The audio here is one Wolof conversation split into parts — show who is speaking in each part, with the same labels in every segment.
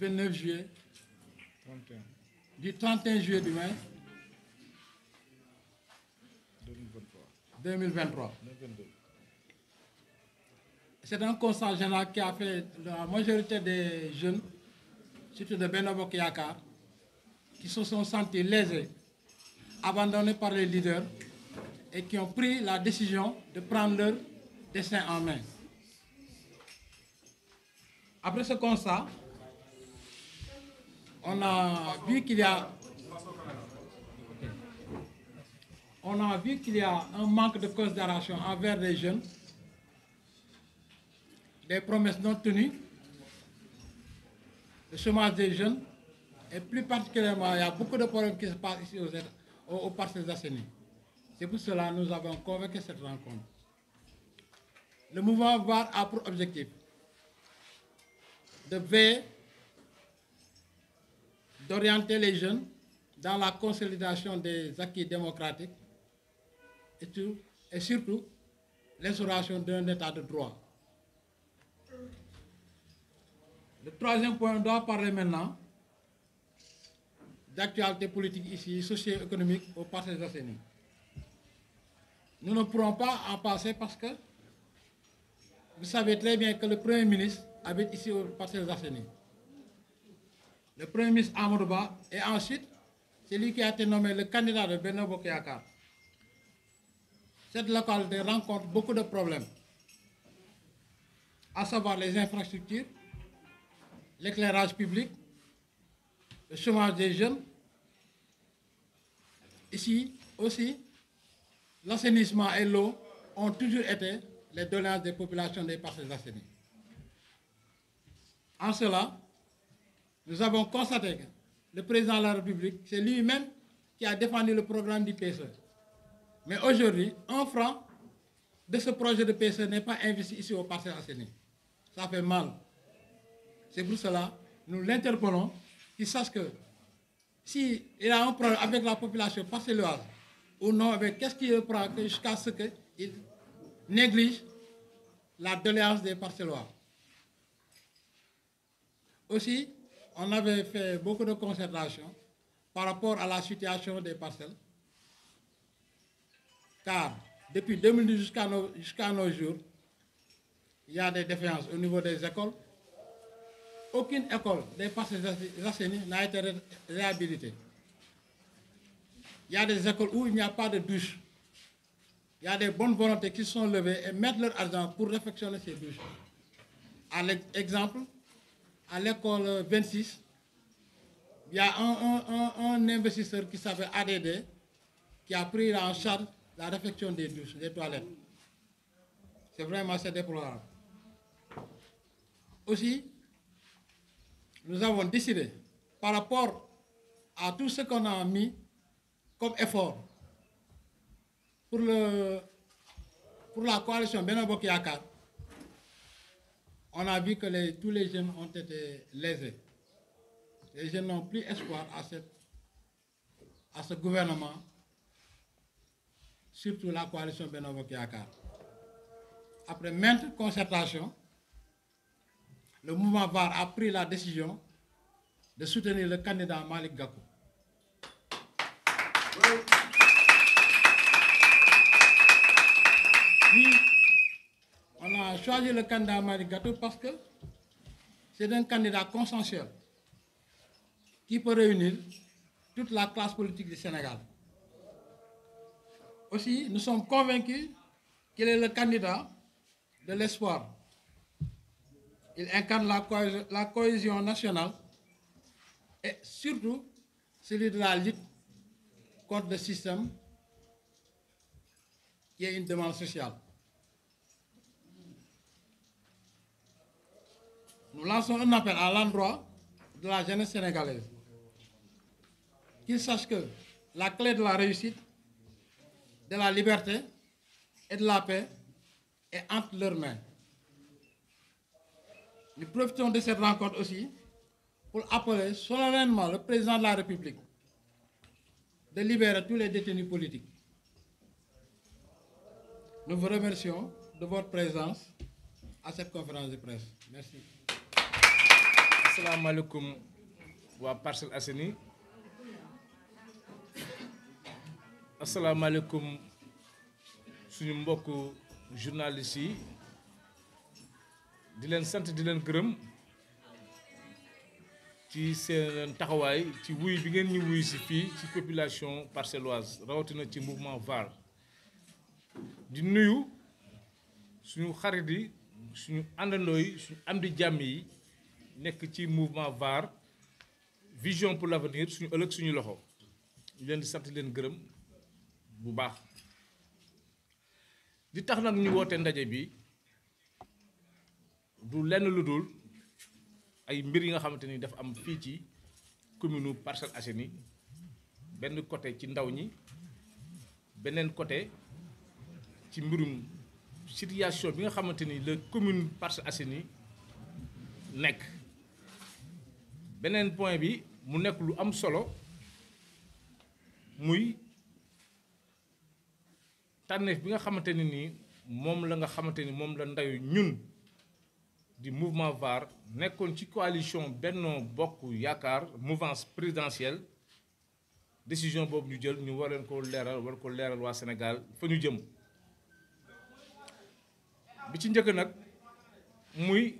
Speaker 1: 29 juillet 31. du 31 juillet du moins 2023. 2023. 2022. C'est un constat général qui a fait la des jeunes, surtout de Benobo Kiyaka, qui se sont sentis lésés, abandonnés par les leaders et qui ont pris la décision de prendre leur destin en main. on a vu qu'il y a on a vu un manque de considération envers les jeunes, des promesses non tenues, le chômage des jeunes, et plus particulièrement, il y a beaucoup de problèmes qui se passent ici aux, aux, parcelles d'Assénie. C'est pour cela que nous avons convoqué cette rencontre. Le mouvement VAR a pour objectif de veiller d'orienter les jeunes dans la consolidation des acquis démocratiques et, tout, et surtout l'instauration d'un état de droit. Le troisième point, on doit parler maintenant d'actualité politique ici, socio-économique au Parti des Assénis. Nous ne pourrons pas en passer parce que vous savez très bien que le Premier ministre habite ici au Parti des Assénis. le Premier ministre Amadou Ba et ensuite celui qui a été nommé le candidat de Benno Bokk Yakaar. Cette localité rencontre beaucoup de problèmes, à savoir les infrastructures, l'éclairage public, le chômage des jeunes. Ici aussi, l'assainissement et l'eau ont toujours été les doléances des populations des Parcelles Assainies. En cela, Nous avons constaté que le président de la République, c'est lui-même qui a défendu le programme du PSE. Mais aujourd'hui, un franc de ce projet de PSE n'est pas investi ici au Parcelles Assainies. Ça fait mal. C'est pour cela que nous l'interpellons qu'il sache que s'il si a un problème avec la population parcelloise ou non, qu'est-ce qu'il prend jusqu'à ce qu'il néglige la doléance des parcellois. Aussi, on avait fait beaucoup de concertations par rapport à la situation des parcelles. Car depuis 2010 jusqu'à nos, jusqu nos jours, il y a des défaillances au niveau des écoles. Aucune école des parcelles assainies n'a été réhabilitée. Il y a des écoles où il n'y a pas de douche. Il y a des bonnes volontés qui sont levées et mettent leur argent pour réfectionner ces douches. À l'exemple, à l'école 26, il y a un, un, un, un investisseur qui s'appelle ADD qui a pris en charge la réfection des douches, des toilettes. C'est vraiment assez déplorable. Aussi, nous avons décidé, par rapport à tout ce qu'on a mis comme effort pour, le, pour la coalition Benobo Yakar, on a vu que les, tous les jeunes ont été lésés. Les jeunes n'ont plus espoir à, cette, à ce gouvernement, surtout la coalition Benovo Kiakar. Après maintes concertations, le mouvement VAR a pris la décision de soutenir le candidat Malik Gakou. choisi le candidat Malick Gakou parce que c'est un candidat consensuel qui peut réunir toute la classe politique du Sénégal. Aussi, nous sommes convaincus qu'il est le candidat de l'espoir. Il incarne la, co la cohésion nationale et surtout celui de la lutte contre le système qui est une demande sociale. nous lançons un appel à l'endroit de la jeunesse sénégalaise qu'ils sachent que la clé de la réussite, de la liberté et de la paix est entre leurs mains. Nous profitons de cette rencontre aussi pour appeler solennellement le président de la République de libérer tous les détenus politiques. Nous vous remercions de votre présence à cette conférence de presse.
Speaker 2: asalaamaaleykum waa Parcelles Assainies asalaamaaleykum suñu mbokk journalistes yi di leen sant di leen gërëm ci seen taxawaay ci wuy bi ngeen ñu wuy si fii ci population parcelloise rawatina ci mouvement VAR di nuyu suñu xarit yi suñu àndandoo yi suñu am di jàmm yi. nekk ci mouvement VAR vision pour l'avenir suñu ëllëg suñu loxo leen di sant leen gërëm bu baax li tax nag ñu woote ndaje bi du lenn lu dul ay mbir yi nga xamante ni dafa am fii ci commune Parcelles Assainies benn côté ci ndaw ñi beneen côté ci mbirum situation bi nga xamante ni la commune Parcelles Assainies nekk beneen point bi mu nekk lu am solo muy tànneef bi nga xamante ne nii moom la nga xamante ni moom la ndayu ñun di mouvement VAR nekkoon ci coalition Benno Bokk Yaakaar mouvance présidentielle décision boobu ñu jël ñu war leen ko leeral ko leeral waa Sénégal fa ñu jëm bi ci njëkk nag muy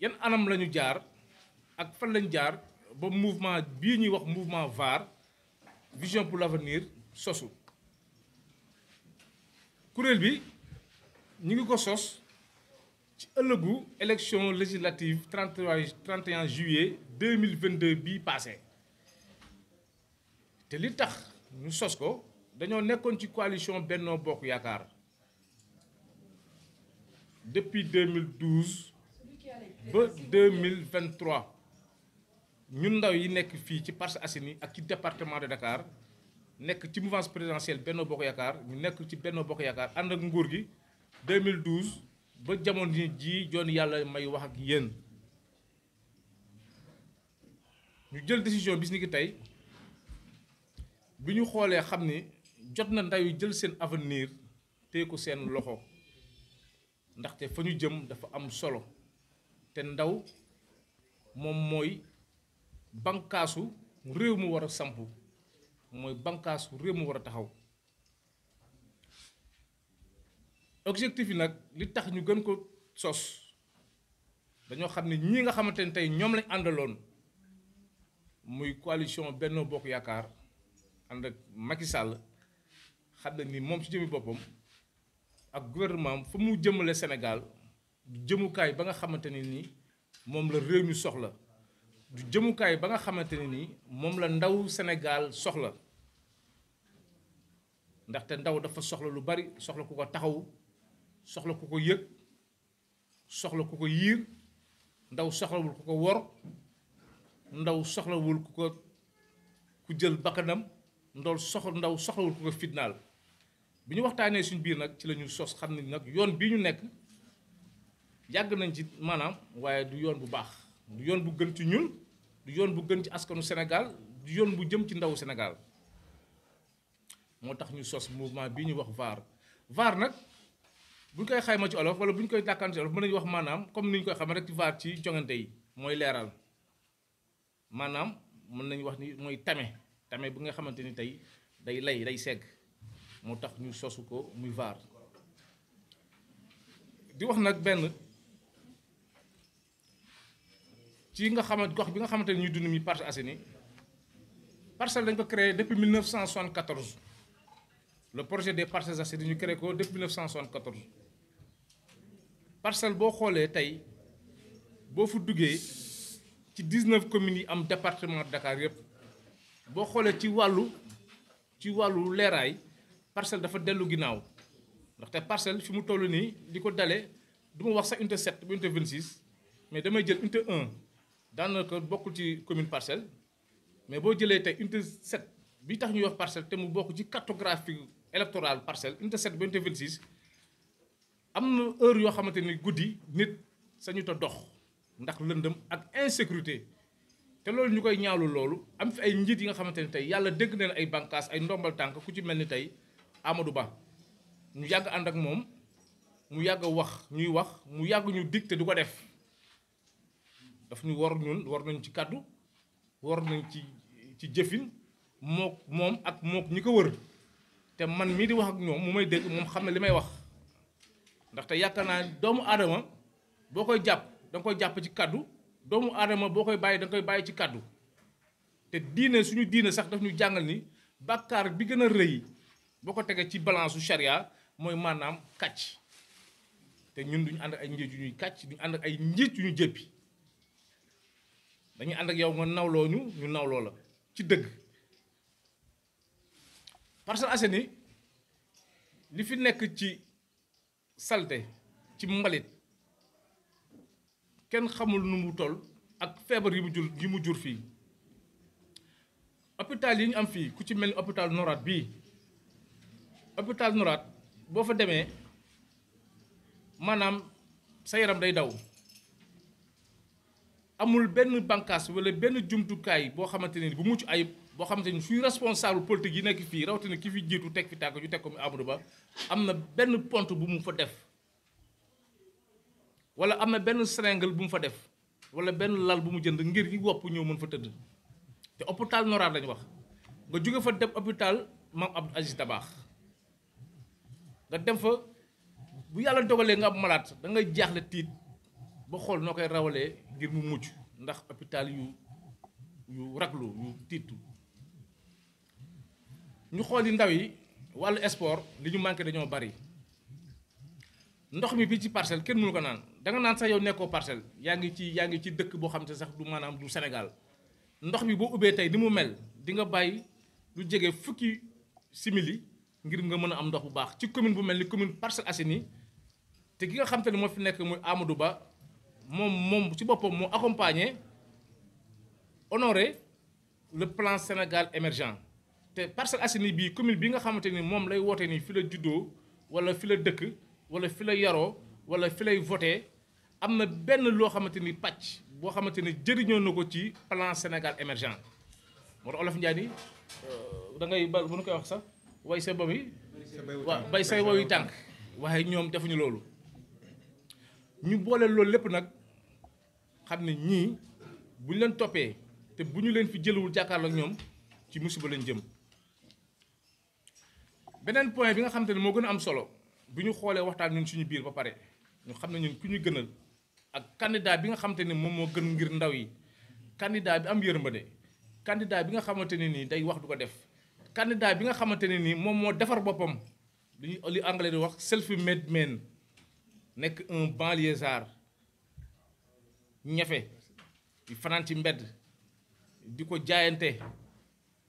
Speaker 2: yan anam lañu jaar ak fan lañ jaar ba mouvement bii ñuy wax mouvement VAR vision pour l'avenir sosu kuréel bi ñu ngi ko sos ci ëllëgu élection législative 31 31 juillet 2022 bii passé te li tax ñu sos ko dañoo nekkoon ci coalition bennoo Bokk Yaakaar depuis 2012 ba 2023 ñun ndaw yi nekk fii ci Parcelles Assainies ak ci département de Dakar nekk ci mouvance présidentielle benn Bokk Yaakaar ñu nekk ci Benno Bokk Yaakaar ànd ak nguur gi 2012 ba jamono jii joon yàlla may wax ak yéen. ñu jël décision bis ni ki tey bi ñu xoolee xam ni jot na ndaw yi jël seen avenir téye ko seen loxo ndaxte fa ñu jëm dafa am solo te ndaw moom mooy. bankaasu réew mu war a samp mooy bankaasu réew mu war a taxaw objectif yi nag li tax ñu gën ko sos dañoo xam ne ñii nga xamante ne tey ñoom lañ àndaloon muy coalition Benno Bokk Yaakaar ànd ak Macky Sall xam na ni moom ci jëmi boppam ak gouvernement fa mu jëmale senegal jëmukaay ba nga xamante ne ni moom la réew mi soxla du jëmukaay ba nga xamante ne nii moom la ndaw Sénégal soxla ndaxte ndaw dafa soxla lu bari soxla ku ko taxaw soxla ku ko yëg soxla ku ko yiir ndaw soxlawul ku ko wor ndaw soxlawul ku ko ku jël bakkanam ndool sox ndaw soxlawul ku ko fitnaal bi ñu waxtaanee suñ biir nag ci la ñu xam ne nag yoon bii ñu nekk yàgg nañ ci maanaam waaye du yoon bu baax du yoon bu gën ci ñun du yoon bu gën ci askanu Sénégal du yoon bu jëm ci ndawu Sénégal moo tax ñu sos mouvement bii ñu wax VAR VAR nag bu ñu koy xayma ci olof wala bu ñu koy dàkkaan ci olof mën nañu wax maanaam comme ni ñu koy xamee rek ci VAR ci jongante yi mooy leeral maanaam mën nañu wax ni mooy tame tame bi nga xamante ni tey day lay day segg moo tax ñu sosu ko muy VAR di wax nag benn. ci nga xamante gox bi nga xamante ne ñuy dund mi Parcelles Assainies parcelle dañ ko créé depuis 1974 le projet des Parcelles Assainies ñu créé ko depuis 1974 parcelle boo xoolee tey boo fu duggee ci 19 communes yi am département Dakar yëpp boo xoolee ci wàllu ci wàllu leeraay parcelle dafa dellu ginnaaw ndaxte parcelle fi mu toll nii di ko dale du ma wax sax unité 7 ba unité 26 mais damay jël unité 1. daanaka bokkul ci commune parcelle mais boo jëlee tey unité 7 bi tax ñuy wax parcelle te mu bokk ci cartographie électorale parcelle unité 7 ba unité am na heure yoo xamante ni guddi nit sañu ta dox ndax lëndëm ak insécurité te loolu ñu koy ñaalu loolu am fi ay njiit yi nga xamante ni tey yàlla dégg na ay bànqaas ay ndombal tànk ku ci mel ni tey Amadou Ba ñu yàgg ànd ak moom mu yàgg wax ñuy wax mu yàgg ñu dig te du ko def daf ñu war ñun war nañ ci kàddu war nañ ci ci jëfin mook moom ak mook ñi ko wër te man mii di wax ak ñoom mu may dégg moom xam ne li may wax ndaxte yaakaar naa doomu aadama boo koy jàpp da nga koy jàpp ci kàddu doomu aadama boo koy bàyyi da koy bàyyi ci kàddu te diine suñu diine sax daf ñu jàngal ni bàkkaar bi gën a rëy boo ko tegee ci balance su charia mooy maanaam kàcc te ñun duñu ànd ak ay njiit yu ñuy kàcc duñu ànd ak ay njiit yu ñu jëppi dañuy ànd ak yow nga nawloo ñu ñu nawloo la ci dëgg Parcelles Assainies li fi nekk ci salte ci mbalit kenn xamul nu mu toll ak feebar yi mu jur fii hôpital yi ñu am fii ku ci mel ni hôpital Norat bii hôpital Norat boo fa demee maanaam sa yaram day daw amul benn bànqaas wala benn jumtukaay boo xamante ne bu mucc ayib boo xamante ni suy responsable politique yi nekk fii rawatina ki fi jiitu teg fi tàgg ñu teg ko mu Amadou Ba am na benn pont bu mu fa def wala am na benn seringue bu mu fa def wala benn lal bu mu jënd ngir ñi wopp ñëw mën fa tëdd te hôpital Noraat lañu wax nga jóge fa dem hôpital Mame ab Aziz Dabakh nga dem fa bu yàlla dogalee nga am malaat da ngay jaaxle tiit. ba xool noo koy rawalee ngir mu mucc ndax hôpital yu yu raglu yu tiitu ñu xool yi ndaw yi wàllu sport li ñu manqué dañoo bari ndox mi fii ci parcelle kenn mënu ko naan danga naan sax yow nekkoo parcelle yaa ngi ci yaa ngi ci dëkk boo xam ne sax du maanaam du senegal ndox mi boo ubbee tey ni mu mel di nga bàyyi lu jege fukki simili ngir nga mën a am ndox bu baax ci commune bu mel ni commune Parcelles Assainies te ki nga xam ne moo fi nekk muy amadu Ba moom moom ci boppam moo accompagner honorer le plan Sénégal émergent te Parcelles Assainies bii commune bi nga xamante ni moom lay woote nii fi la juddoo wala fi la dëkk wala fi la yaroo wala fi lay voté am na benn loo xamante ni pàcc boo xamante ni jëriñoo na ko ci plan Sénégal émergent moo tax Olof Njaay ni euh, da ngay bu nu koy wax sax way sa ba yi waaw bay say woyu tànk waaye ñoom defuñu loolu ñu booleel loolu lépp nag xam ne ñii bu ñu leen toppee te bu ñu leen fi jëlawul jàkkaarloo ak ñoom ci musiba lañ jëm beneen point bi nga xam te ne moo gën a am solo bu ñu xoolee waxtaan ñun suñu biir ba pare ñu xam ne ñu ku ñu gënal ak candidat bi nga xam te moom moo gën ngir ndaw yi candidat bi am yërmande candidat bi nga xamante ne nii day wax du ko def candidat bi nga xamante ne nii moom moo defar boppam li li anglais di wax self-made man nekk un banlieusard ñafe fanaan ci mbedd di ko jaayante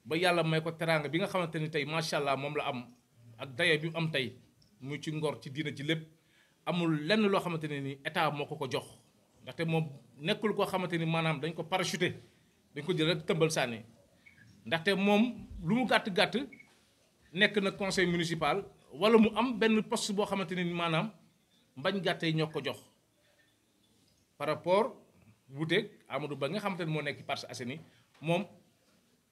Speaker 2: ba yàlla may ko teraanga bi nga xamante ni tey macha allah moom la am ak daye bi mu am tey muy ci ngor ci diina ci lépp amul lenn loo xamante ne ni état moo ko ko jox ndaxte moom nekkul koo xamante ni maanaam dañ ko parachuté dañ ko jël rek tëmbal sànni ndaxte moom lu mu gàtt gàtt nekk na conseil municipal wala mu am benn poste boo xamante ne ni maanaam. mbañ gàtte ñoo ko jox par rapport wuuteeg Amadou Ba nga xamante ne moo nekk parce Parcelles Assainies moom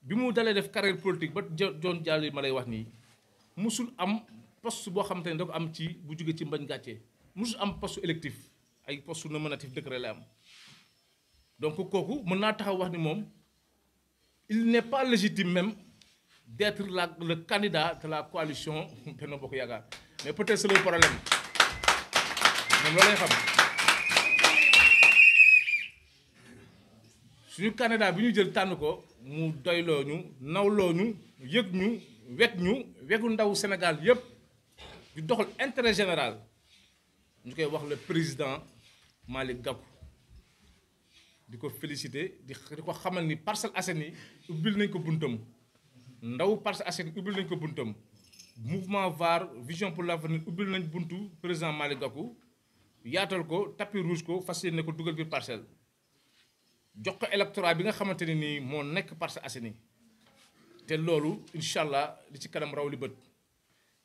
Speaker 2: bi mu dalee def carrière politique ba joon jàll ma lay wax nii musul am post boo xamante ne da am ci bu jugee ci mbañ gàcce musul am post électif ay poste nominatif décret la am donc kooku mën naa taxaw wax ni moom il n'est pas légitime même d'être la le candidat de la coalition Benno Bokk Yaakaar mais peut-être c'est le moom loolu lay xam suñu candidat bi ñu jël tànn ko mu doyloo ñu nawloo ñu yëg ñu wet ñu wegu ndaw Sénégal yëpp di doxal intérêt général ñu koy wax le président Malick Gakou di ko félicité di ko xamal ni Parcelles Assainies yi ubbil nañ ko buntam ndaw Parcelles Assainies yi ubbil nañ ko buntam mouvement VAR vision pour l'avenir ubbil nañ buntu président mali Gakou yaatal ko tapis rouge ko fas yéene ko dugal biir parcelle jox ko électorat bi nga xamante ne nii moo nekk Parcelles asseni te loolu incha allah li ci kanam raw li bët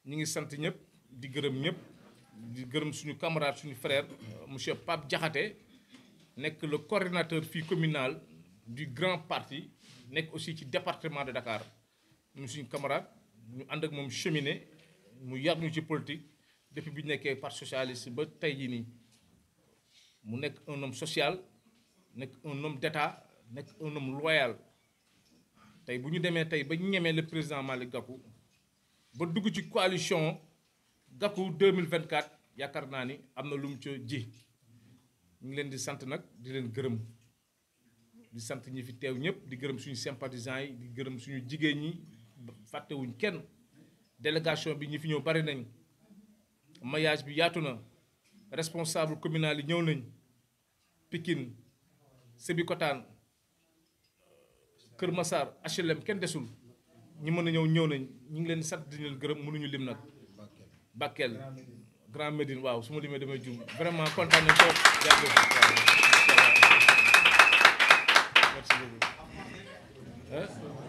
Speaker 2: ñu ngi sant ñëpp di gërëm ñëpp di gërëm suñu camarade suñu frère monsieur Pape Diakhaté nekk le coordinateur fii communal du grand parti nekk aussi ci département de Dakar ñu suñu camarade ñu ànd ak moom cheminé mu yar ñu ci politique. depuis bi nekkee parti socialiste ba tey jii nii mu nekk un homme social nekk un homme d'état nekk un homme loyal tey bu ñu demee tey ba ñemee le président Malick Gakou ba dugg ci coalition vingt 2024 yaakaar naa ni am na lu mu ci ji ñu ngi leen di sant nag di leen gërëm di sant ñi fi teew ñëpp di gërëm suñu sympathisants yi di gërëm suñu jigéen ñi fàttewuñ kenn délégation bi ñu fi ñëw bari nañ mayage bi yaatu na responsable communal yi ñëw nañ Pikine Sébikotane Kër masaar HLM kenn desul ñi mën a ñëw ñëw nañ ñu ngi leen sant di gërëm mënuñu lim nag Bakel Grand Médine waaw su ma limee damay jum vraiment kontaan nañ ko jaajëf